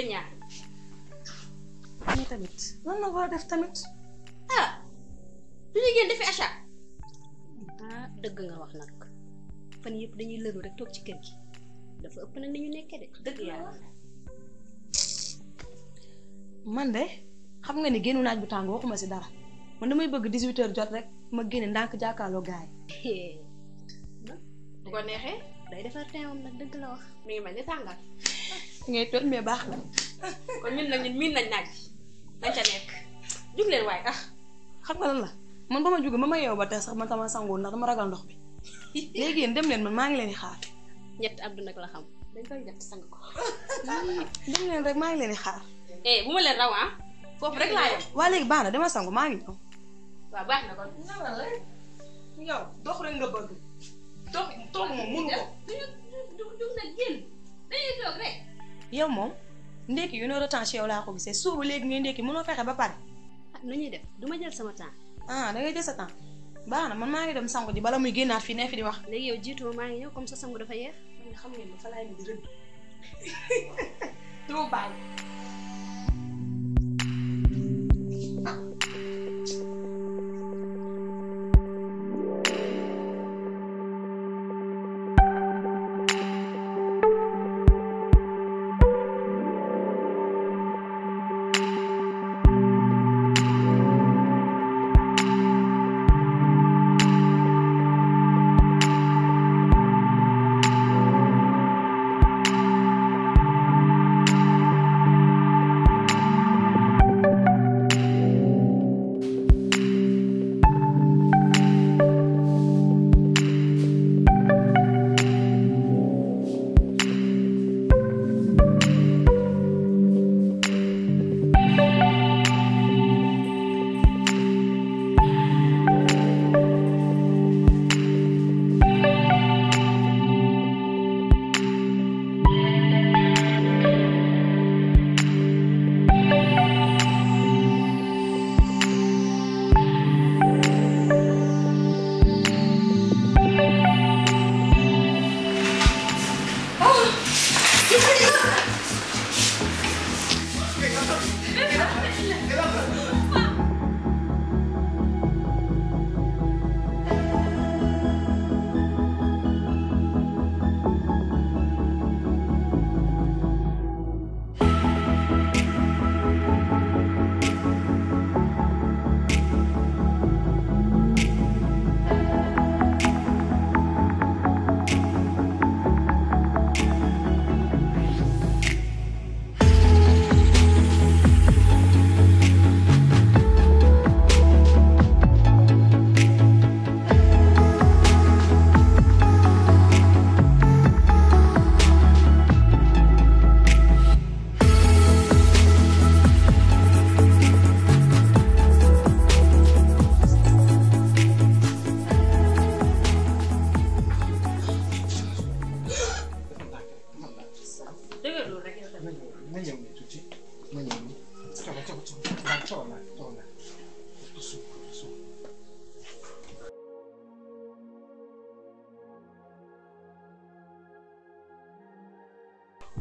yéen ñaar. mais tamit lan la war def tamit. ah du génn defi achat. Ah, dëgg nga wax nag fan yëpp dañuy lëru rek toog ci kër gi dafa ëpp nag ni ñu nekkee de dëgg yàlla. man de xam nga ni génnu naaj bu tàng waxuma si dara man damay bëgg 18 jot rek ma génne ndànk jàkkaarloo gaay bu ko neexee. day defar teewam nag dëgg la wax. mi ngi mel ni tàngal. ngay toj mais baax na kon ñun nag ñun nañ naaj dañ ca nekk jug leen waaye ah xam nga lan na man ba ma jugee ba ma yeewu ba tey sax man sama sangoon ndax dama ragal ndox bi léegi yéen dem leen man maa ngi leen di xaar. ñett Abdou nag la xam dañ koy jàpp sang ko. dem leen rek maa ngi leen di xaar. eh bu ma leen raw ah. foofu rek laa yem. waa léegi baax na dama sangu maa ngi ñëw. waaw baax na kon. yow dox rek nga bëgg. dox toog moom mënu ko. rek. yow moom ndékki yu no retenche yow laa ko gisee suubu léegi ngay ndékki mënoo fexe ba pare ah nu ñuy def du ma jël sama temps ah da ngay jël sa temps baax na man maa ngi dem sangu ji bala muy génnaat fii ne fi di wax léegi yow jiitoo ma maa ngi ñëw comme sa sangu dafa yeex man nga xam ngeen ne fa laay ni di rëdd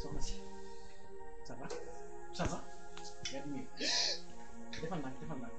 soxna si ça va ça va. defal naa defal naa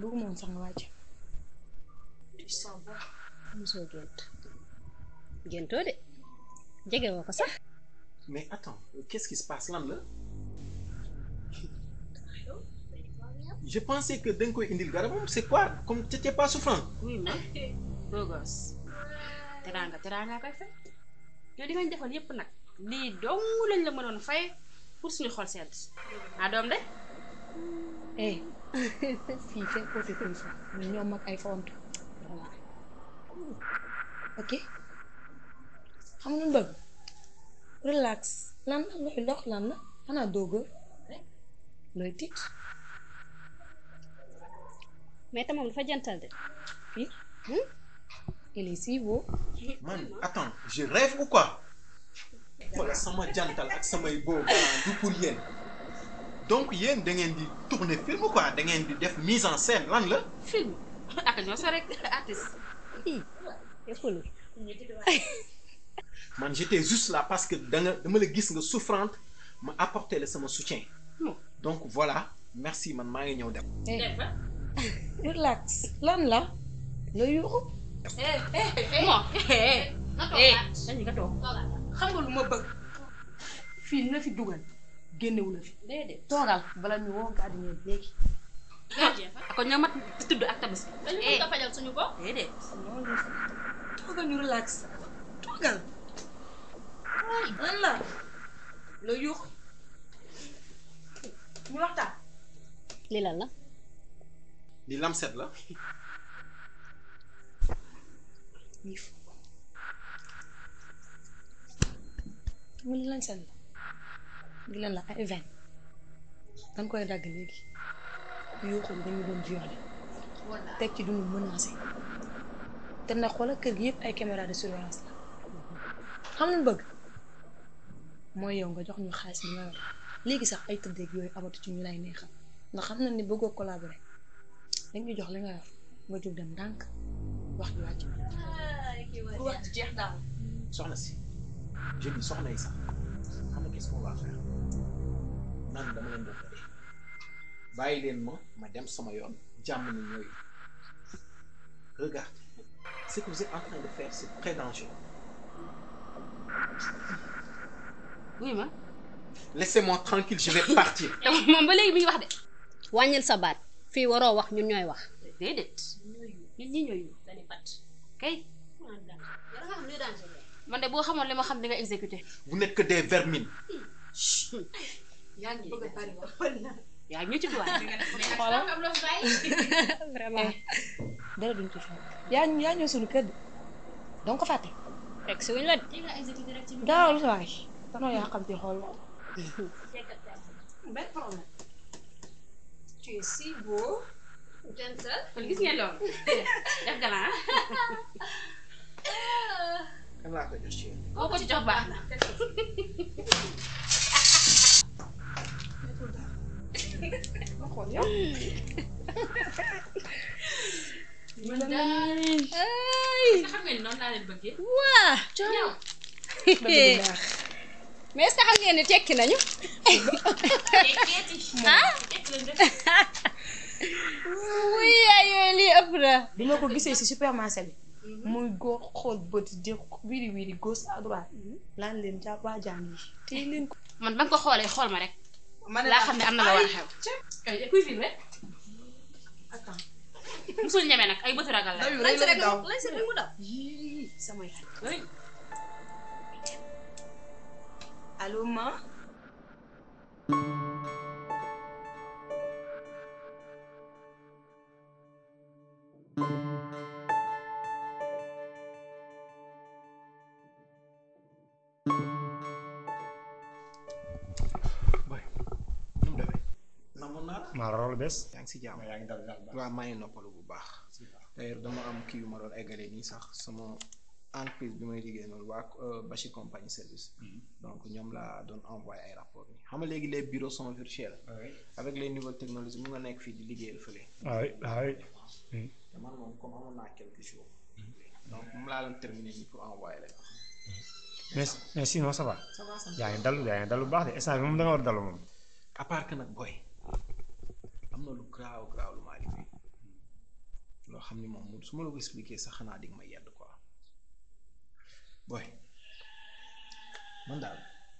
bëgg moom sax nga wàcc. mosoo gént. géntoo de jege woo ko sax. mais attends qu'est-ce qui se passe lan la. je pensais que da nga koy indil garabam c'est quoi comme t'étais pas souffrant. oui mais rogos. teraanga teraanga koy fay. yow li nga ñu defoon yëpp nag lii dong lañ la mënoon fay. pour suñu xol sedd ah doom de. eh fii seen côté comme ça ñoom ak ay fonte ok xam nga bëgg relax lan la looy dox lan la xanaa dooga looy tiit. mais tamam dafa jantal de. Hmm? il est si man attends je rêve ou quoi. wala sama jantal ak samay boobu du pour yéen donc yéen da ngeen di tourner film quoi da ngeen di def mise en scène lan la. film ak ñoo sa rek artiste. man j'étais juste là parce que da nga dama la gis nga souffrante ma apporter la sama soutien. donc voilà merci man maa ngi ñëw dem. Eh, eh, eh. relax lan la. nga yuuxu. eh eh eh. nga toog xam nga lu ma bëgg fii na fi dugal génnewu la fi. déedéet toogal bala ñu woo gardien bi léegi. kon ñoo mat tudd ak tabaski. dañu mën eh. suñu bopp. déedéet toogal ñu relax toogal. la la yuux ñu waxtaan. lii la. lii lamset la. xam nga li lañ la di la ay vingt dañ koy dagg léegi yoo xam dañu doon violé teg ci duñu menacé te nag xoolal kër gi yëpp ay caméra de surveillance la xam mooy yow nga jox ñu xaalis bi nga yor léegi sax ay tëddeeg yooyu amatu ci ñu lay neexal ndax xam nañ ni bëggoo collaboré dañ ñu jox li nga yor nga jóg dem ndànk wax ji wàcc. bu ah, si. je dis soxna yi qu'est-ce qu'on va faire man dama leen doon dee bàyyi leen ma dem sama yoon regarde ce que vous êtes en train de faire c'est très dangereux oui ma laissez-moi tranquille je vais partir moom ba léegi mi ngi wax de wàññil sa baat fii waroo wax ñun ñooy wax déedéet ñun ñi ñooy dañuy bat kay da man de boo xamoon li ma xam di nga exécuté. vous n'êtes que des vermines. yaa a bari wax yaa ñu ci tuwaat. xoolal eh. dara duñ ko fàtte. yaa ñu yaa ñëw suñu kër gi. donc fàtte. fekk si wuñ la xool. benn def gala ah. kan lah terus ya oh kok coba Makanya Mendarin Ay Wah Jauh Me yasa har ne take na yau? ayo eli abra. Dino ko bisa isi super masali. Mhm. muy góor xool bët di wiri wiri gauche à droite. Mhm. lan leen jàpp waa jàng yi téye leen ko. man ba ko xoolee xool ma rek. ma laa xam ne am na la war a xew. ay kuy filmé. attends. nag ay bëtu ragal la. si rek lan sama yaay. ma. dara lu bees. yaa ngi si jàmm yaa ngi dal daal waaw maa ngi noppalu bu baax. d'ailleurs dama am kii yu ma doon eggalee nii sax sama entreprise bi may liggéey noonu waa euh, Bachir compagnie service. Mm-hmm. donc ñoom laa doon envoyé ay rapport nii xam nga léegi les bureaux sont virtuels. avec les nouvelles technologies mu nga nekk fii di liggéeyal fële. waaw mm. te man moom comme amoon naa quelque chose. Mm-hmm. donc mu laa doon terminer nii pour envoyer leen. Mm-hmm. mais mais sinon ça va. yaa ngi dalu yaa ngi dalu bu baax de instant moom da war a moom. am na lu garaaw garaaw lu ma arrivé loo xam ni moom su ma la ko expliqué sax xanaa di nga ma yedd quoi boy daal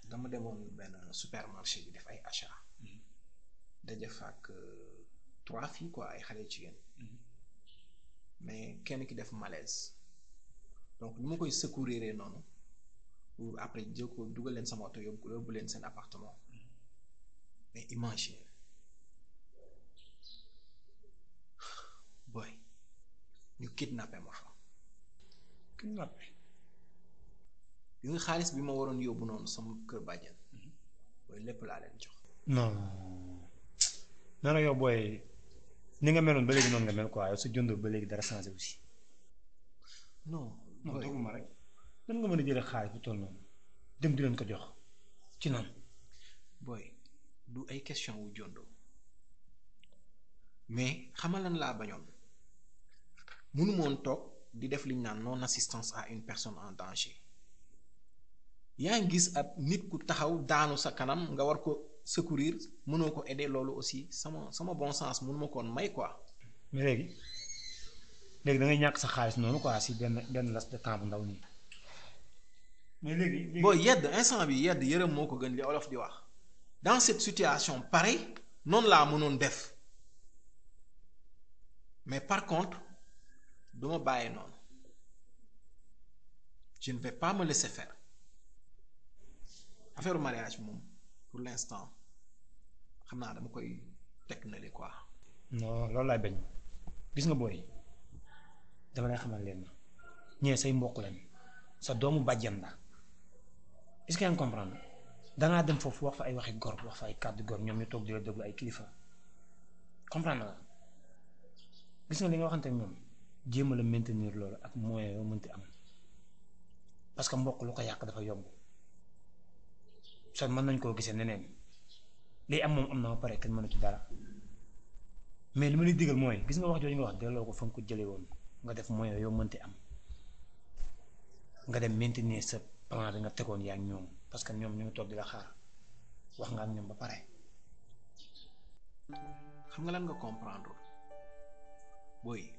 dama demoon benn supermarché bi def ay achat mm-hmm. daje fa ak euh, trois filles quoi ay xale jigéen mm-hmm. mais kenn ki def malaise donc ni ma koy secourir noonu pour après jël ko dugal leen sama oto yóbbu leen seen appartement mm-hmm. mais imagine kidnappé ma fa kidnappé bi xaalis bi ma waroon yóbbu noonu sama kër bàjjen loolu lépp laa leen jox non non yow booy ni nga meloon ba léegi noonu nga mel quoi yow su jëndoo ba léegi dara changé aussi non non doguma rek lan nga mën a jëlee xaalis bu toll noonu dem di leen ko jox ci noonu booy du ay question wu jondoo mais xamalan laa bañoon mënu moon toog di def non assistance à une personne en danger yaa gis ab nit ku taxaw daanu sa kanam nga war secourir mënoo ko aider aussi sama sama bon sens may quoi. mais léegi léegi da ngay sa xaalis noonu quoi si benn benn las de temps bu ndaw nii. mais léegi yedd instant bi yedd gën li olof di wax. dans cette situation pareil def mais par contre je ne vais pas me laisser faire affaire mariage pour l'instant xam naa dama koy teg quoi. non loolu laay bañ gis nga booy dama lay xamal leen ñee say mbokk leen sa doomu bàjjan est-ce que yaa ngi comprendre dangaa dem foofu wax fa ay waxi gor wax fa ay gor ñu di la déglu ay kilifa comprendre nga nga li nga jéem la maintenir loolu ak moyen yoo mënti am parce que mbokk lu ko yàq dafa yomb son mën nañ koo gisee neneen li am moom am na ba pare kenn mënu ci dara mais li ma lay digal mooy gis nga wax jooju nga wax delloo ko fa nga ko jëlee woon nga def moyen yoo mënti am nga dem maintenir sa plan bi nga tegoon yaa ñoom parce que ñoom ñu ngi toog di la xaar wax nga ak ñoom ba pare. xam nga lan nga comprendre booy.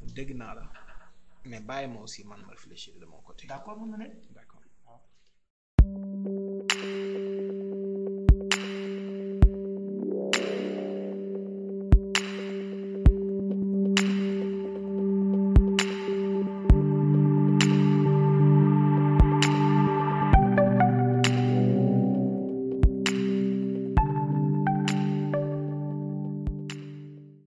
dégg naa la mais bàyyi ma aussi man ma réfléchir de mon côté. d'accord mun na ne. d'accord.